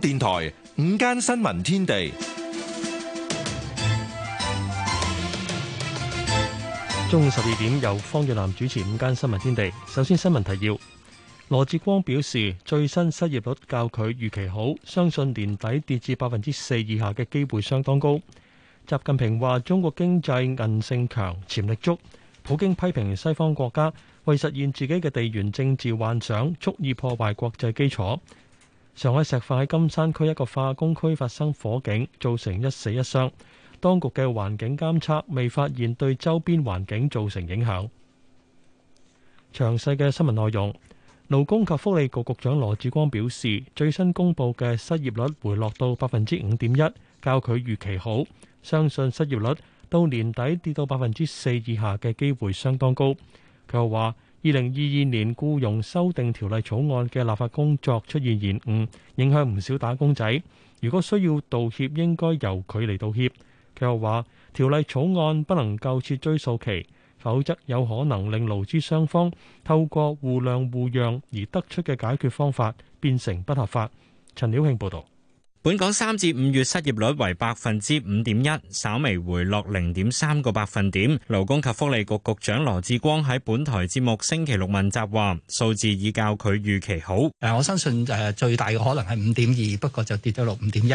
電台午間新聞天地，中午十二點，由方若南主持午間新聞天地。首先新聞提要：羅致光表示最新失業率較佢預期好，相信年底跌至百分之四以下嘅機會相當高。習近平話中國經濟韌性強、潛力足。普京批評西方國家為實現自己嘅地緣政治幻想，蓄意破壞國際基礎。上海石化喺金山區一個化工區發生火警，造成一死一傷。當局嘅環境監測未發現對周邊環境造成影響。詳細嘅新聞內容，勞工及福利局局長羅致光表示，最新公布嘅失業率回落到百分之五點一，較佢預期好，相信失業率到年底跌到百分之四以下嘅機會相當高。佢又話。2022年僱傭修訂條例草案嘅立法工作出現延誤，影響唔少打工仔，如果需要道歉應該由佢嚟道歉。佢又話，條例草案不能夠設追溯期，否則有可能令勞資雙方透過互諒互讓而得出嘅解決方法變成不合法。陳曉慶報道。本港三至五月失業率為百分之五點一，稍微回落零點三個百分點。勞工及福利局局長羅致光喺本台節目星期六問責話，數字已較佢預期好。誒，我相信誒最大嘅可能係五點二，不過就跌咗落五點一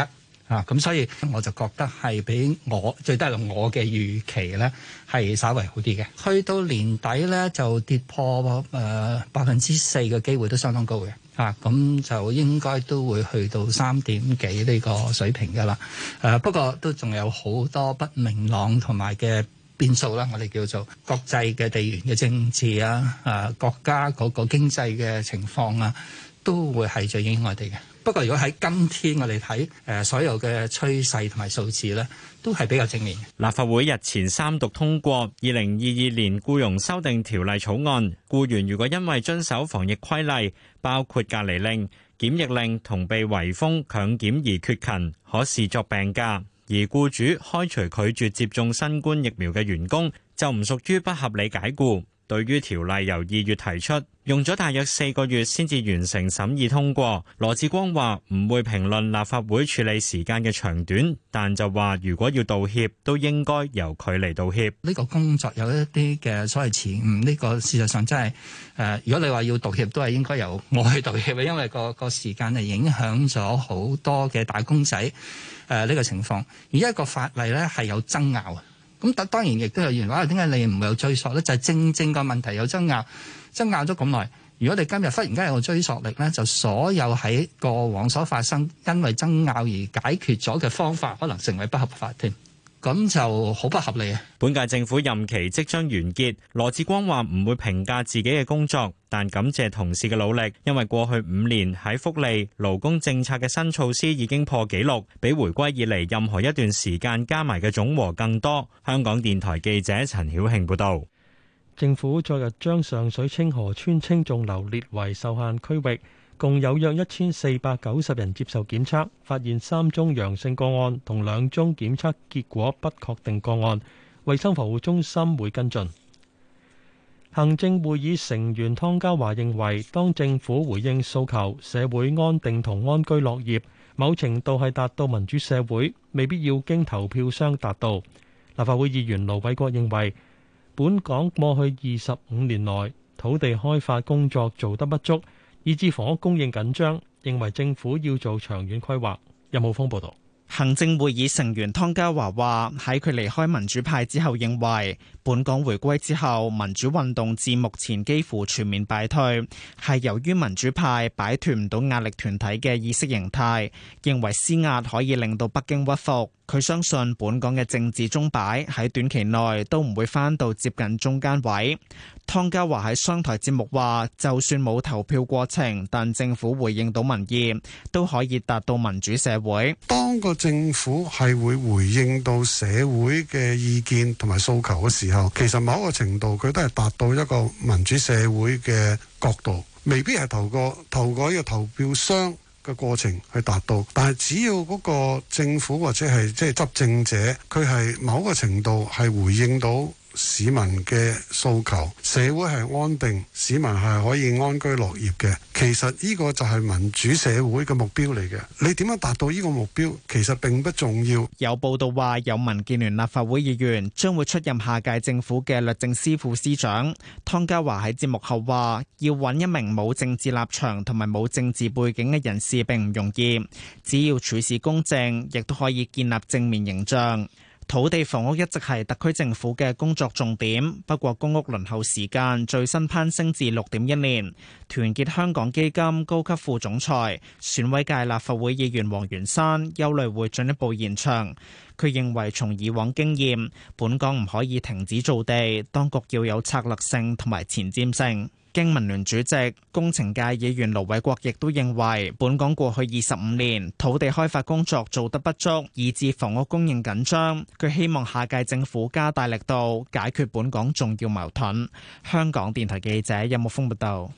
啊。咁所以我就覺得係比我最低落我嘅預期咧係稍微好啲嘅。去到年底咧就跌破誒百分之四嘅機會都相當高嘅。啊，咁就應該都會去到三點幾呢個水平㗎喇。誒、啊，不過都仲有好多不明朗同埋嘅變數啦。我哋叫做國際嘅地緣嘅政治啊，啊國家嗰個經濟嘅情況啊，都會係最影響我哋嘅。不過如果喺今天我哋睇誒所有嘅趨勢同埋數字咧，都係比較正面嘅。立法會日前三讀通過《二零二二年僱傭修訂條例草案》，僱員如果因為遵守防疫規例，包括隔離令、檢疫令同被圍封強檢而缺勤，可視作病假；而僱主開除拒絕接種新冠疫苗嘅員工，就唔屬於不合理解雇。對於條例由二月提出，用咗大約四個月先至完成審議通過。羅致光話：唔會評論立法會處理時間嘅長短，但就話如果要道歉，都應該由佢嚟道歉。呢個工作有一啲嘅所謂遲誤，呢、這個事實上真係誒、呃。如果你話要道歉，都係應該由我去道歉，因為個個時間係影響咗好多嘅打工仔。誒、呃、呢、這個情況而家一個法例咧係有爭拗啊！咁但當然亦都有原因，話點解你唔有追溯咧？就係、是、正正個問題有爭拗，爭拗咗咁耐。如果你今日忽然間有追溯力咧，就所有喺過往所發生因為爭拗而解決咗嘅方法，可能成為不合法添。咁就好不合理啊！本屆政府任期即將完結，羅致光話唔會評價自己嘅工作，但感謝同事嘅努力，因為過去五年喺福利、勞工政策嘅新措施已經破紀錄，比回歸以嚟任何一段時間加埋嘅總和更多。香港電台記者陳曉慶報導。政府昨日將上水清河村青眾樓列為受限區域。共有約一千四百九十人接受檢測，發現三宗陽性個案同兩宗檢測結果不確定個案，衞生服務中心會跟進。行政會議成員湯家驊認為，當政府回應訴求、社會安定同安居樂業，某程度係達到民主社會，未必要經投票商達到。立法會議員盧偉國認為，本港過去二十五年內土地開發工作做得不足。以致房屋供應緊張，認為政府要做長遠規劃。任浩峰報導。行政會議成員湯家驊話：喺佢離開民主派之後，認為。本港回歸之後民主運動至目前幾乎全面敗退，係由於民主派擺脫唔到壓力團體嘅意識形態，認為施壓可以令到北京屈服。佢相信本港嘅政治鐘擺喺短期內都唔會翻到接近中間位。湯家驊喺商台節目話，就算冇投票過程，但政府回應到民意都可以達到民主社會，當個政府係會回應到社會嘅意見同埋訴求嘅時候。其實某個程度，佢都係達到一個民主社會嘅角度，未必係透過投過嘅投票箱嘅過程去達到。但係只要嗰個政府或者係即係執政者，佢係某個程度係回應到。市民嘅訴求，社會係安定，市民係可以安居樂業嘅。其實呢個就係民主社會嘅目標嚟嘅。你點樣達到呢個目標，其實並不重要。有報道話，有民建聯立法會議員將會出任下屆政府嘅律政司副司長。湯家驊喺節目後話：要搵一名冇政治立場同埋冇政治背景嘅人士並唔容易，只要處事公正，亦都可以建立正面形象。土地房屋一直係特區政府嘅工作重點，不過公屋輪候時間最新攀升至六點一年。團結香港基金高級副總裁、選委界立法會議員黃元山憂慮會進一步延長。佢認為從以往經驗，本港唔可以停止造地，當局要有策略性同埋前瞻性。經民聯主席、工程界議員盧偉國亦都認為，本港過去二十五年土地開發工作做得不足，以致房屋供應緊張。佢希望下屆政府加大力度解決本港重要矛盾。香港電台記者任木峰報道。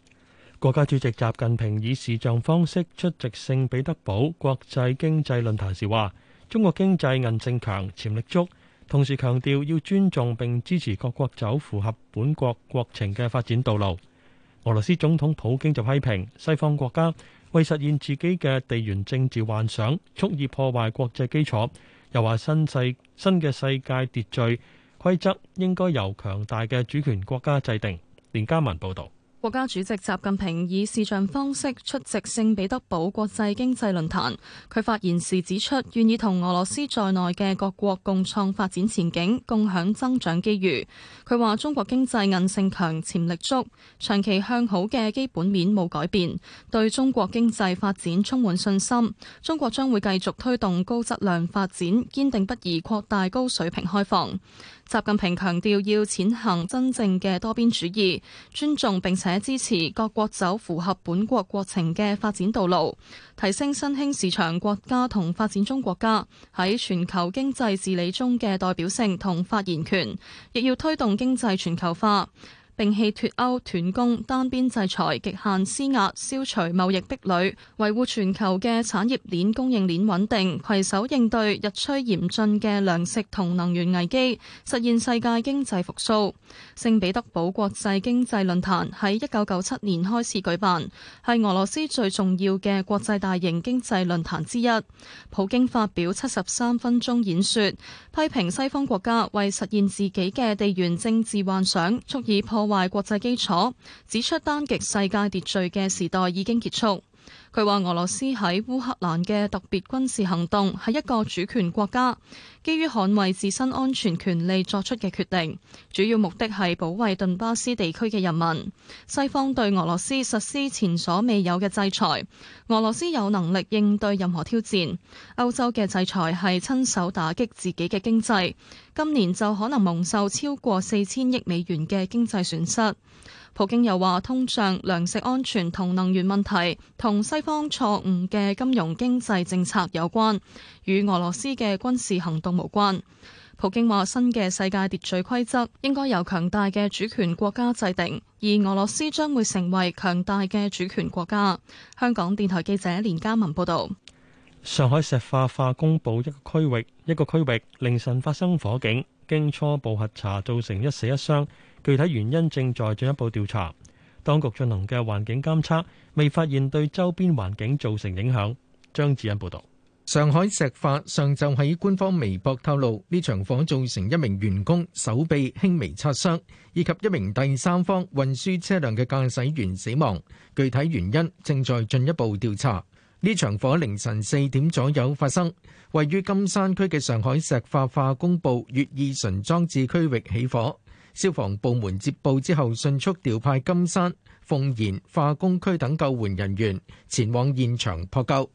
國家主席習近平以視像方式出席聖彼得堡國際經濟論壇時話，中國經濟韌性強、潛力足，同時強調要尊重並支持各國走符合本國國情嘅發展道路。俄羅斯總統普京就批評西方國家為實現自己嘅地緣政治幻想，蓄意破壞國際基礎，又話新世新嘅世界秩序規則應該由強大嘅主權國家制定。連加文報道。國家主席習近平以視像方式出席聖彼得堡國際經濟論壇。佢發言時指出，願意同俄羅斯在內嘅各國共創發展前景，共享增長機遇。佢話中國經濟韌性強、潛力足，長期向好嘅基本面冇改變，對中國經濟發展充滿信心。中國將會繼續推動高質量發展，堅定不移擴大高水平開放。習近平強調，要踐行真正嘅多邊主義，尊重並且。支持各國走符合本國國情嘅發展道路，提升新興市場國家同發展中國家喺全球經濟治理中嘅代表性同發言權，亦要推動經濟全球化。摒棄脫歐、斷供、單邊制裁、極限施壓、消除貿易壁壘，維護全球嘅產業鏈、供應鏈穩定，攜手應對日趨嚴峻嘅糧食同能源危機，實現世界經濟復蘇。聖彼得堡國際經濟論壇喺一九九七年開始舉辦，係俄羅斯最重要嘅國際大型經濟論壇之一。普京發表七十三分鐘演說，批評西方國家為實現自己嘅地緣政治幻想，足以破。壞國際基礎，指出單極世界秩序嘅時代已經結束。佢話俄羅斯喺烏克蘭嘅特別軍事行動係一個主權國家，基於捍衛自身安全權利作出嘅決定，主要目的係保衛頓巴斯地區嘅人民。西方對俄羅斯實施前所未有嘅制裁，俄羅斯有能力應對任何挑戰。歐洲嘅制裁係親手打擊自己嘅經濟，今年就可能蒙受超過四千億美元嘅經濟損失。普京又話：通脹、糧食安全同能源問題同西方錯誤嘅金融經濟政策有關，與俄羅斯嘅軍事行動無關。普京話：新嘅世界秩序規則應該由強大嘅主權國家制定，而俄羅斯將會成為強大嘅主權國家。香港電台記者連嘉文報道：「上海石化化工部一個區域一個區域凌晨發生火警，經初步核查，造成一死一傷。具體原因正在進一步調查，當局進行嘅環境監測未發現對周邊環境造成影響。張子恩報導，上海石化上晝喺官方微博透露，呢場火造成一名員工手臂輕微擦傷，以及一名第三方運輸車輛嘅駕駛員死亡。具體原因正在進一步調查。呢場火凌晨四點左右發生，位於金山區嘅上海石化化工部乙二醇裝置區域起火。消防部門接報之後，迅速調派金山、奉賢化工區等救援人員前往現場撲救。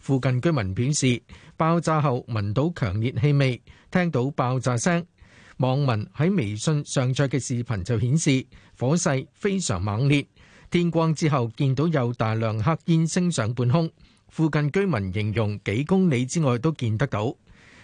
附近居民表示，爆炸後聞到強烈氣味，聽到爆炸聲。網民喺微信上載嘅視頻就顯示火勢非常猛烈，天光之後見到有大量黑煙升上半空。附近居民形容幾公里之外都見得到。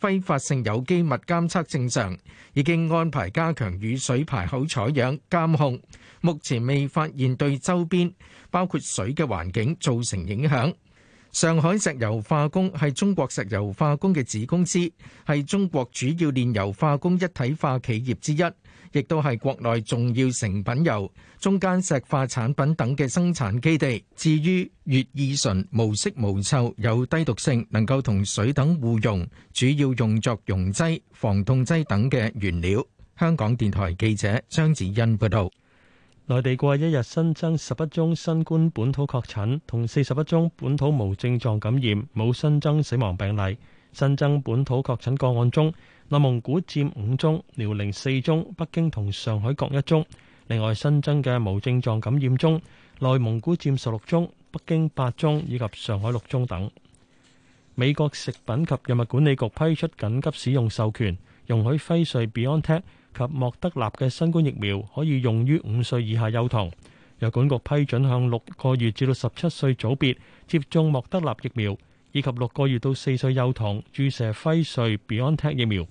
揮發性有機物監測正常，已經安排加強雨水排口採樣監控，目前未發現對周邊包括水嘅環境造成影響。上海石油化工，係中國石油化工嘅子公司，係中國主要煉油化工一體化企業之一，亦都係國內重要成品油、中間石化產品等嘅生產基地。至於乙二醇，無色無臭，有低毒性，能夠同水等互溶，主要用作溶劑、防凍劑等嘅原料。香港電台記者張子欣報導。內地過一日新增十一宗新冠本土確診，同四十一宗本土無症狀感染，冇新增死亡病例。新增本土確診個案中，內蒙古佔五宗，遼寧四宗，北京同上海各一宗。另外新增嘅無症狀感染中，內蒙古佔十六宗，北京八宗以及上海六宗等。美國食品及藥物管理局批出緊急使用授權，容許輝瑞 BioNTech 及莫德納嘅新冠疫苗可以用於五歲以下幼童，藥管局批准向六個月至到十七歲組別接種莫德納疫苗，以及六個月到四歲幼童注射輝瑞 BioNTech 疫苗。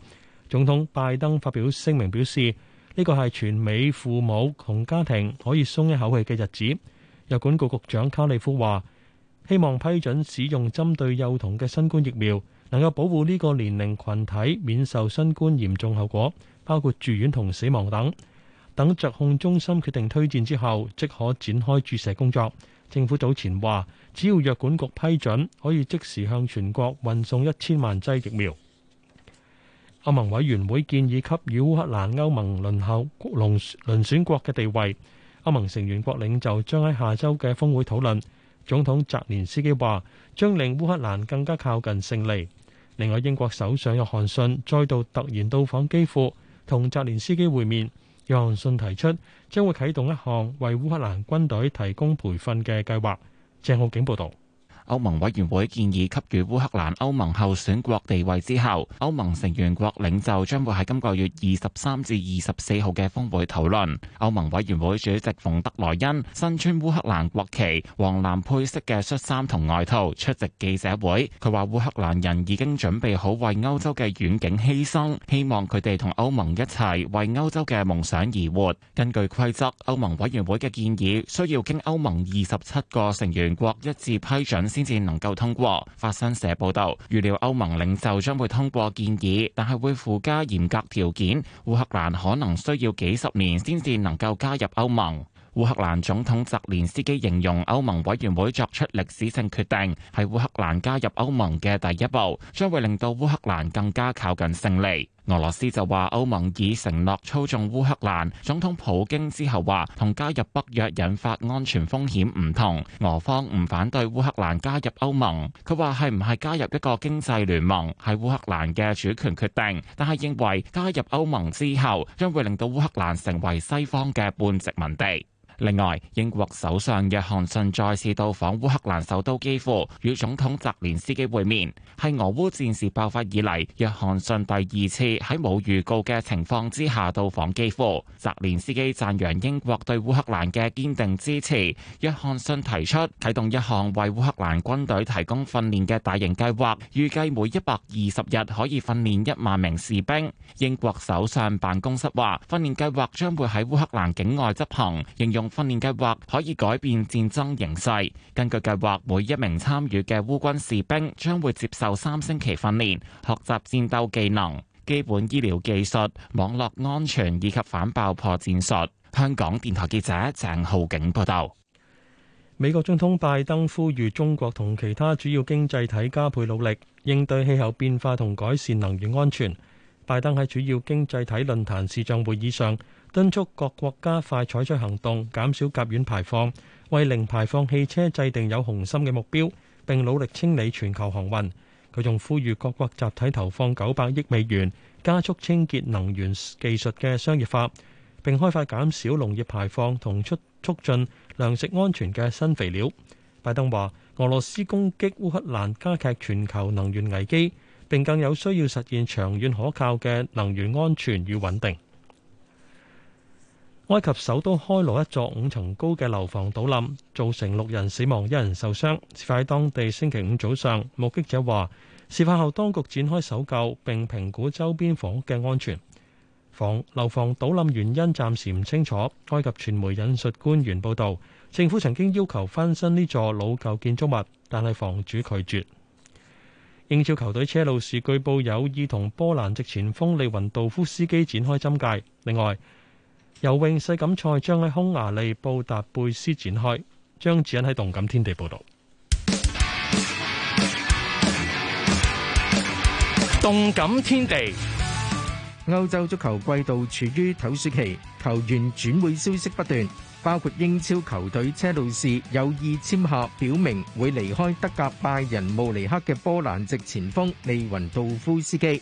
總統拜登發表聲明表示，呢個係全美父母同家庭可以鬆一口氣嘅日子。藥管局局長卡利夫話：希望批准使用針對幼童嘅新冠疫苗。能夠保護呢個年齡羣體免受新冠嚴重後果，包括住院同死亡等。等疾控中心決定推薦之後，即可展開注射工作。政府早前話，只要藥管局批准，可以即時向全國運送一千萬劑疫苗。歐盟委員會建議給予烏克蘭歐盟輪候國輪選國嘅地位。歐盟成員國領袖將喺下週嘅峰會討論。總統澤連斯基話，將令烏克蘭更加靠近勝利。另外，英國首相約翰遜再度突然到訪基輔，同澤連斯基會面。約翰遜提出將會啟動一項為烏克蘭軍隊提供培訓嘅計劃。鄭浩景報道。歐盟委員會建議給予烏克蘭歐盟候選國地位之後，歐盟成員國領袖將會喺今個月二十三至二十四號嘅峰會討論。歐盟委員會主席馮德萊恩身穿烏克蘭國旗黃藍配色嘅恤衫同外套出席記者會，佢話烏克蘭人已經準備好為歐洲嘅遠景犧牲，希望佢哋同歐盟一齊為歐洲嘅夢想而活。根據規則，歐盟委員會嘅建議需要經歐盟二十七個成員國一致批准。先至能夠通過。法新社報道，預料歐盟領袖將會通過建議，但係會附加嚴格條件。烏克蘭可能需要幾十年先至能夠加入歐盟。烏克蘭總統澤連斯基形容歐盟委員會作出歷史性決定，係烏克蘭加入歐盟嘅第一步，將會令到烏克蘭更加靠近勝利。俄羅斯就話歐盟已承諾操縱烏克蘭。總統普京之後話，同加入北約引發安全風險唔同，俄方唔反對烏克蘭加入歐盟。佢話係唔係加入一個經濟聯盟，係烏克蘭嘅主權決定。但係認為加入歐盟之後，將會令到烏克蘭成為西方嘅半殖民地。另外，英國首相約翰遜再次到訪烏克蘭首都基輔，與總統澤連斯基會面，係俄烏戰事爆發以嚟約翰遜第二次喺冇預告嘅情況之下到訪基輔。澤連斯基讚揚英國對烏克蘭嘅堅定支持，約翰遜提出啟動一項為烏克蘭軍隊提供訓練嘅大型計劃，預計每一百二十日可以訓練一萬名士兵。英國首相辦公室話，訓練計劃將會喺烏克蘭境外執行應用。訓練計劃可以改變戰爭形勢。根據計劃，每一名參與嘅烏軍士兵將會接受三星期訓練，學習戰鬥技能、基本醫療技術、網絡安全以及反爆破戰術。香港電台記者鄭浩景報道。美國總統拜登呼籲中國同其他主要經濟體加倍努力，應對氣候變化同改善能源安全。拜登喺主要經濟體論壇視像會議上。敦促各國加快採取行動，減少甲烷排放，為零排放汽車制定有雄心嘅目標，並努力清理全球航運。佢仲呼籲各國集體投放九百億美元，加速清潔能源技術嘅商業化，並開發減少農業排放同促促進糧食安全嘅新肥料。拜登話：俄羅斯攻擊烏克蘭，加劇全球能源危機，並更有需要實現長遠可靠嘅能源安全與穩定。埃及首都開羅一座五層高嘅樓房倒冧，造成六人死亡、一人受傷。事發當地星期五早上，目擊者話，事發後當局展開搜救並評估周邊房屋嘅安全。房樓房倒冧原因暫時唔清楚。埃及傳媒引述官員報道，政府曾經要求翻新呢座老舊建築物，但係房主拒絕。英超球隊車路士據報有意同波蘭籍前鋒利雲道夫斯基展開針界。另外，游泳世錦賽將喺匈牙利布達佩斯展開。張志恩喺動感天地報道。動感天地，歐洲足球季度處於唞雪期，球員轉會消息不斷，包括英超球隊車路士有意簽下，表明會離開德甲拜仁慕尼克嘅波蘭籍前鋒利雲道夫斯基。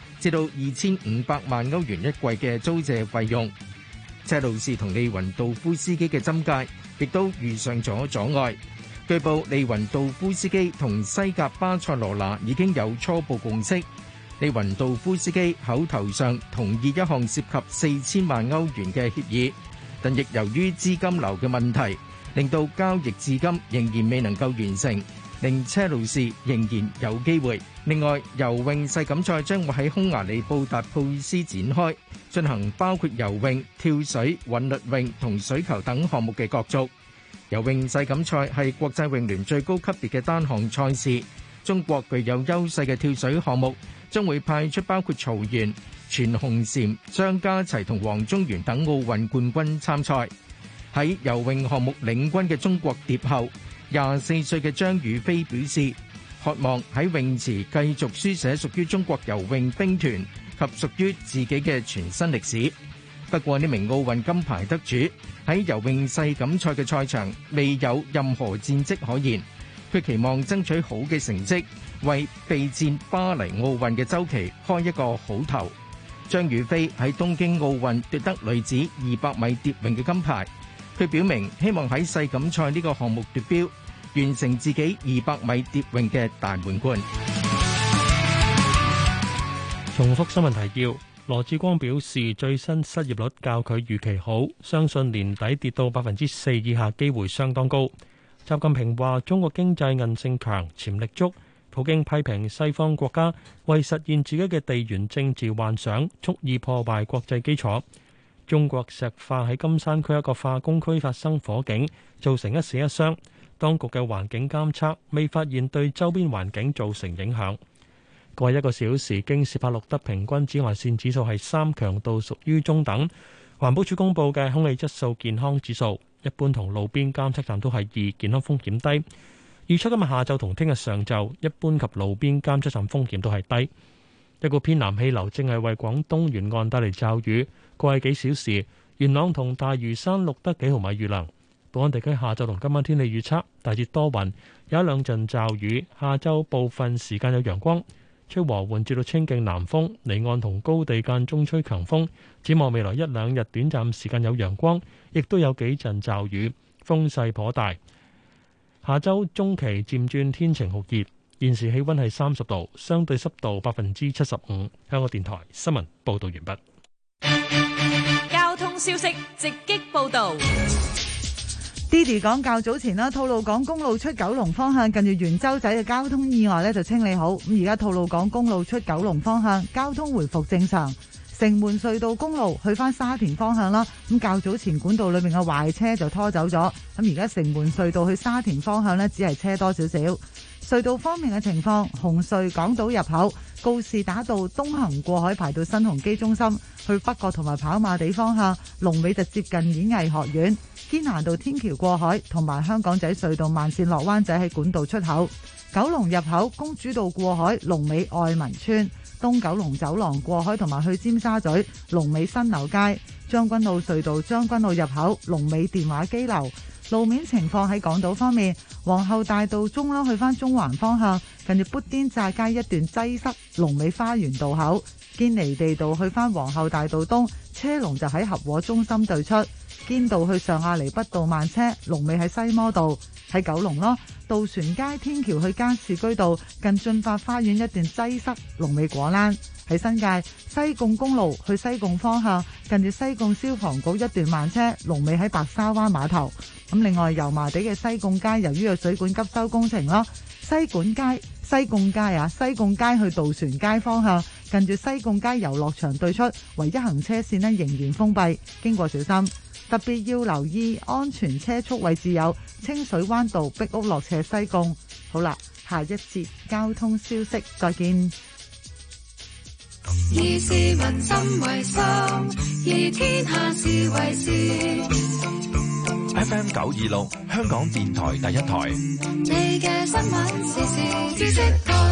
至到二千五百萬歐元一季嘅租借費用，車路士同利雲道夫斯基嘅針介亦都遇上咗阻礙。據報利雲道夫斯基同西甲巴塞羅那已經有初步共識，利雲道夫斯基口頭上同意一項涉及四千萬歐元嘅協議，但亦由於資金流嘅問題，令到交易至今仍然未能夠完成。令車路士仍然有機會。另外，游泳世錦賽將會喺匈牙利布達佩斯展開，進行包括游泳、跳水、韻律泳同水球等項目嘅角逐。游泳世錦賽係國際泳聯最高級別嘅單項賽事。中國具有優勢嘅跳水項目將會派出包括曹緣、全紅嬋、張家齊同黃宗源等奧運冠軍參賽。喺游泳項目領軍嘅中國蝶后。廿四歲嘅張雨霏表示，渴望喺泳池繼續書寫屬於中國游泳兵團及屬於自己嘅全新歷史。不過呢名奧運金牌得主喺游泳世錦賽嘅賽場未有任何戰績可言，佢期望爭取好嘅成績，為備戰巴黎奧運嘅週期開一個好頭。張雨霏喺東京奧運奪得女子二百米蝶泳嘅金牌，佢表明希望喺世錦賽呢個項目奪標。完成自己二百米蝶泳嘅大滿貫。重複新聞提要。羅志光表示，最新失業率較佢預期好，相信年底跌到百分之四以下機會相當高。習近平話：中國經濟韌性強，潛力足。普京批評西方國家為實現自己嘅地緣政治幻想，蓄意破壞國際基礎。中國石化喺金山區一個化工區發生火警，造成一死一傷。當局嘅環境監測未發現對周邊環境造成影響。過去一個小時，京士柏錄得平均紫外線指數係三，強度屬於中等。環保署公布嘅空氣質素健康指數，一般同路邊監測站都係二，健康風險低。預測今日下晝同聽日上晝，一般及路邊監測站風險都係低。一股偏南氣流正係為廣東沿岸帶嚟驟雨。過去幾小時，元朗同大嶼山錄得幾毫米雨量。本港地區下晝同今晚天氣預測，大致多雲，有一兩陣驟雨。下晝部分時間有陽光，吹和緩至到清勁南風，離岸同高地間中吹強風。展望未來一兩日短暫時間有陽光，亦都有幾陣驟雨，風勢頗大。下周中期漸轉天晴酷熱。現時氣溫係三十度，相對濕度百分之七十五。香港電台新聞報道完畢。交通消息直擊報道。Diddy 講較早前啦，吐露港公路出九龍方向近住元洲仔嘅交通意外咧，就清理好，咁而家吐露港公路出九龍方向，交通，龍方向交通回復正常。城門隧道公路去返沙田方向啦，咁較早前管道裏面嘅壞車就拖走咗，咁而家城門隧道去沙田方向呢，只係車多少少。隧道方面嘅情況，紅隧港島入口告士打道東行過海排到新鴻基中心，去北角同埋跑馬地方向，龍尾就接近演藝學院，堅拿道天橋過海同埋香港仔隧道慢線落灣仔喺管道出口，九龍入口公主道過海龍尾愛民村。東九龍走廊過海同埋去尖沙咀，龍尾新樓街，將軍澳隧道將軍澳入口，龍尾電話機樓。路面情況喺港島方面，皇后大道中啦去翻中環方向，近住砵甸乍街一段擠塞，龍尾花園道口堅尼地道去翻皇后大道東，車龍就喺合和中心對出。堅道去上亞厘畢道慢車；龍尾喺西摩道，喺九龍咯。渡船街天橋去加士居道，近駿發花園一段擠塞，龍尾果欄喺新界西貢公路去西貢方向，近住西貢消防局一段慢車，龍尾喺白沙灣碼頭。咁另外油麻地嘅西貢街，由於有水管急修工程咯，西管街、西貢街啊，西貢街去渡船街方向，近住西貢街遊樂場對出，唯一行車線呢仍然封閉，經過小心。特別要留意安全車速，位置有清水灣道、碧屋落斜、西貢。好啦，下一節交通消息，再見。以市民心為心，以天下事為事。FM 九二六， 26，香港電台第一台。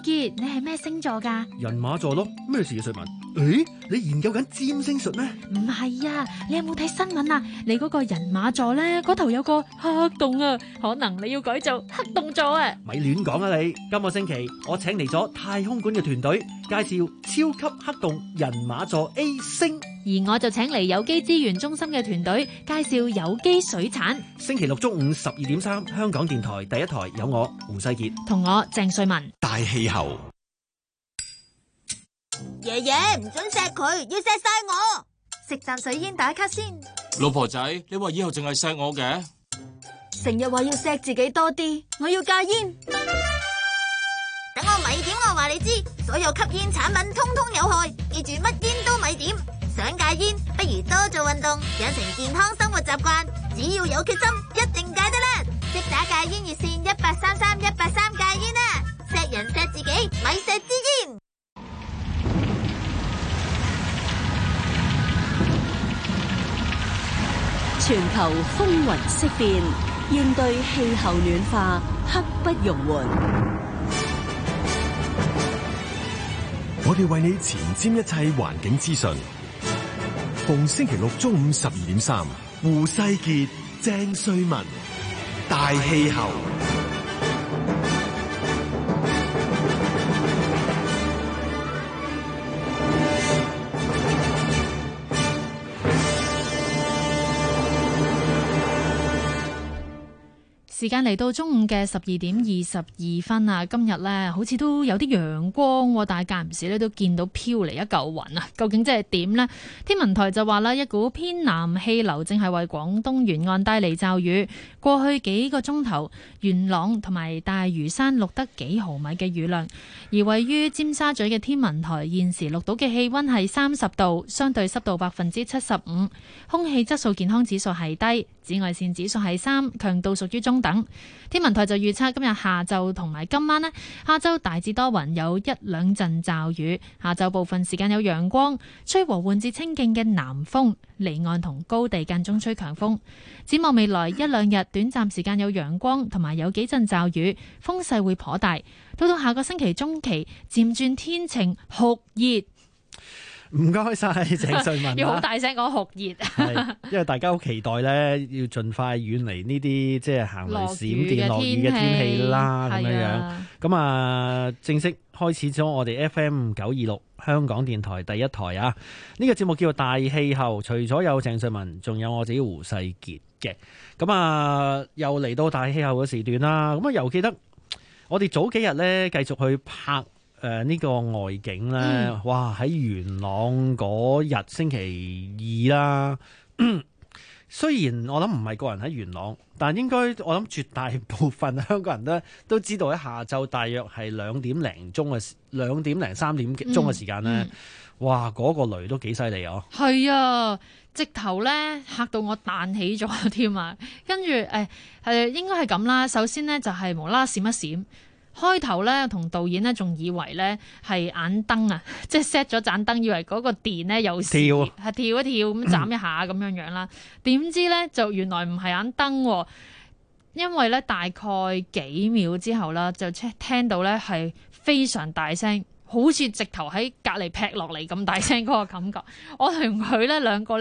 杰，你係咩星座噶？人馬座咯，咩事啊？瑞文，誒，你研究緊占星術咩？唔係呀，你有冇睇新聞啊？你嗰個人馬座咧，嗰頭有個黑洞啊，可能你要改做黑洞座啊！咪亂講啊你！今個星期我請嚟咗太空館嘅團隊介紹超級黑洞人馬座 A 星。而我就請嚟有機資源中心嘅團隊介紹有機水產。星期六中午十二點三，香港電台第一台有我胡世傑同我鄭瑞文。大氣候，爺爺唔准錫佢，要錫晒我。食啖水煙打一卡先。老婆仔，你話以後淨係錫我嘅，成日話要錫自己多啲，我要戒煙。等我咪點，我話你知，所有吸煙產品通通有害，記住乜煙都咪點。想戒煙，不如多做運動，養成健康生活習慣。只要有決心，一定戒得啦！即打戒煙熱線一八三三一八三戒煙啦！錫人錫自己，咪錫支煙。全球風雲色變，應對氣候暖化刻不容緩。我哋為你前瞻一切環境資訊。逢星期六中午十二點三，胡世傑、鄭瑞文，大氣候。 時間嚟到中午嘅十二點二十二分啊！今日呢，好似都有啲陽光，但係間唔時咧都見到飄嚟一嚿雲啊！究竟即係點呢？天文台就話啦，一股偏南氣流正係為廣東沿岸帶嚟驟雨。過去幾個鐘頭，元朗同埋大嶼山錄得幾毫米嘅雨量。而位於尖沙咀嘅天文台現時錄到嘅氣温係三十度，相對濕度百分之七十五，空氣質素健康指數係低，紫外線指數係三，強度屬於中等。天文台就預測今日下晝同埋今晚呢，下晝大致多雲，有一兩陣驟雨。下晝部分時間有陽光，吹和緩至清勁嘅南風，離岸同高地間中吹強風。展望未來一兩日，短暫時間有陽光同埋有幾陣驟雨，風勢會頗大。到到下個星期中期，漸轉天晴酷熱。唔該晒鄭瑞文， 要好大聲講酷熱，因為大家好期待咧，要盡快遠離呢啲即係行雷閃電、落雨嘅天氣啦，咁樣的樣。咁啊，正式開始咗我哋 FM 九二六香港電台第一台啊。呢個節目叫做大氣候，除咗有鄭瑞文，仲有我自己胡世杰嘅。咁啊，又嚟到大氣候嘅時段啦。咁啊，又記得我哋早幾日咧，繼續去拍。誒，呢、呃這個外景咧，嗯、哇！喺元朗嗰日星期二啦，雖然我諗唔係個人喺元朗，但係應該我諗絕大部分香港人咧都知道喺下晝大約係兩點零鐘嘅時，兩點零三點鐘嘅時間咧，嗯嗯、哇！嗰、那個雷都幾犀利哦。係啊，直頭咧吓到我彈起咗添啊！跟住誒，係、哎呃、應該係咁啦。首先咧就係無啦閃一閃。開頭咧，同導演咧，仲以為咧係眼燈啊，即係 set 咗盞燈，以為個電咧有跳，係跳一跳咁眨一下咁樣樣啦。點知咧就原來唔係眼燈，因為咧大概幾秒之後啦，就聽聽到咧係非常大聲，好似直頭喺隔籬劈落嚟咁大聲個感覺， 我同佢咧兩個。